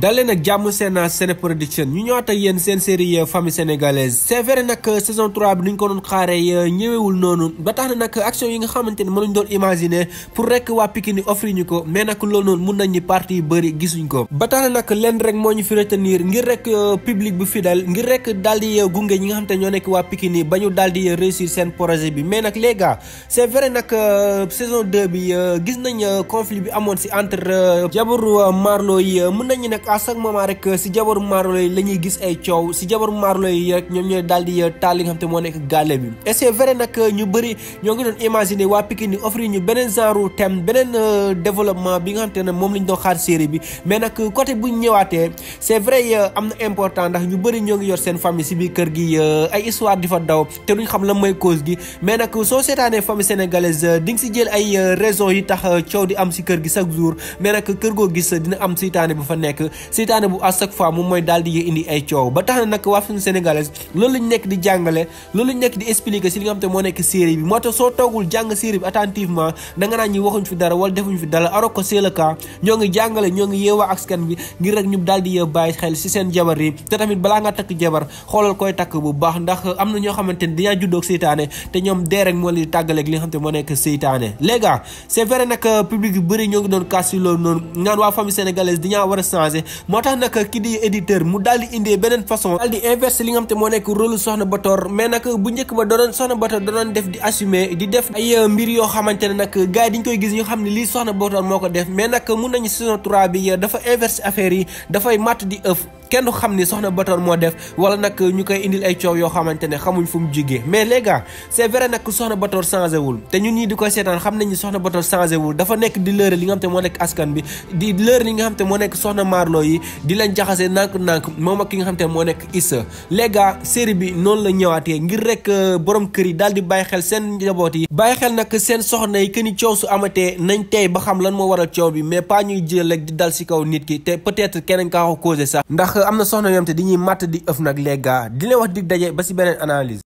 dalee nag jàmm seen seen production ñu ñëwaat ak yéen seen série euh, famille sénégalaise c'est vrai nag euh, saison 3 bi ñu ko doon xaaree euh, ñëwewul noonu ba tax na nag action yi nga xamante ne mënuñ doon imaginer pour rek waa Pikine offrir ñu ko mais nag loolu noonu mun nañ ni parti yu bëri gisuñ ko ba tax na nag leen rek moo ñu fi niir ngir rek public bu fidèle ngir rek daal di gunge ñi nga xamante ne ñoo nekk waa Pikine ba ñu daal di réussir seen projet bi mais nag les gars c'est vrai nag saison 2 bi gis nañ conflit bi amoon si entre jabaru Marlo yi mun nañ nag rek asak moment rek si maru lay lañuy gis ay e ciow si maru lay rek ñom ñoy daldi tal nga xamte mo nek galé bi et c'est vrai nak ñu bari ñoo ngi doon imaginer wa ni offrir ñu benen genre thème benen e, développement bi nga xamantene mom lañ do xaar série bi mais nak côté bu ñëwaaté c'est vrai amna important ndax ñu bari ñoo ngi yor seen famille ci bi kër gi e, ay histoire difa daw té duñ xam la moy cause gi mais nak so sétané famille sénégalaise ding ci jël ay raison yi tax ciow di am ci kër gi chaque jour mais nak kër go gis dina am bu fa nek seytaane bu à chaque fois moom mooy daal di indi ay coow ba tax na nag waa film sénégalaise loolu lañ nekk di jàngale loolu lañ nekk di expliquer si li nga xam te moo nekk série bi moo tax soo toogul jàng série bi waxuñ fi dara wala fi dara alors que c'est ñoo ngi jàngale ñoo ngi yeewaa askan bi ngir rek ñu daal di bàyyi xel si seen jabar yi te tamit balaa nga takk jabar xoolal koy takk bu baax ndax am na ñoo xamante ni dañaa juddoog seytaane te ñoom dee moo leen tàggaleeg li nga xam te moo nekk seytaane léegi c'est vrai nag euh, public yu bëri ñoo ngi doon kaas si loolu noonu naan waa famille sénégalaise dañaa war a changer moo tax nag ki di éditeur mu daal di indee beneen façon daal di inverse li nga xam te moo nekk rôle soxna Bator mais nag bu njëkk ba doon soxna Bator doon def di assumer di def ay euh, mbir yoo xamante ne nag gars yi ñu koy gis ñu xam ne lii soxna Bator moo ko def mais nag mun nañu saison 3 bi dafa inverse affaire yi dafay matt di ëf kenn du xam ni Soxna Bator moo def wala nag ñu koy indil ay coow yoo xamante ne xamuñ fu mu jigee mais les gars c'est nag Soxna Bator changé wul te ñu ñii di koy seetaan xam nañu Soxna Bator changé wul dafa nekk di lëre li nga xam te moo nekk askan bi di lëre li nga xam nekk Soxna Marlo yi di leen jaxase nank nank moom ak ki nga xam te moo nekk Issa les gars bi noonu la ñëwaatee ngir rek euh, borom kër yi daal di bàyyi xel seen njaboot yi bàyyi xel nag seen soxna yi këni coow su amatee nañ tey ba xam lan moo waral coow bi mais pas ñuy jël rek di dal si kaw nit ki te peut-être keneen kaa ko causé sax am na soxna ñoom te dañuy màtt di ëf nag les gars di leen wax di daje ba ci beneen analyse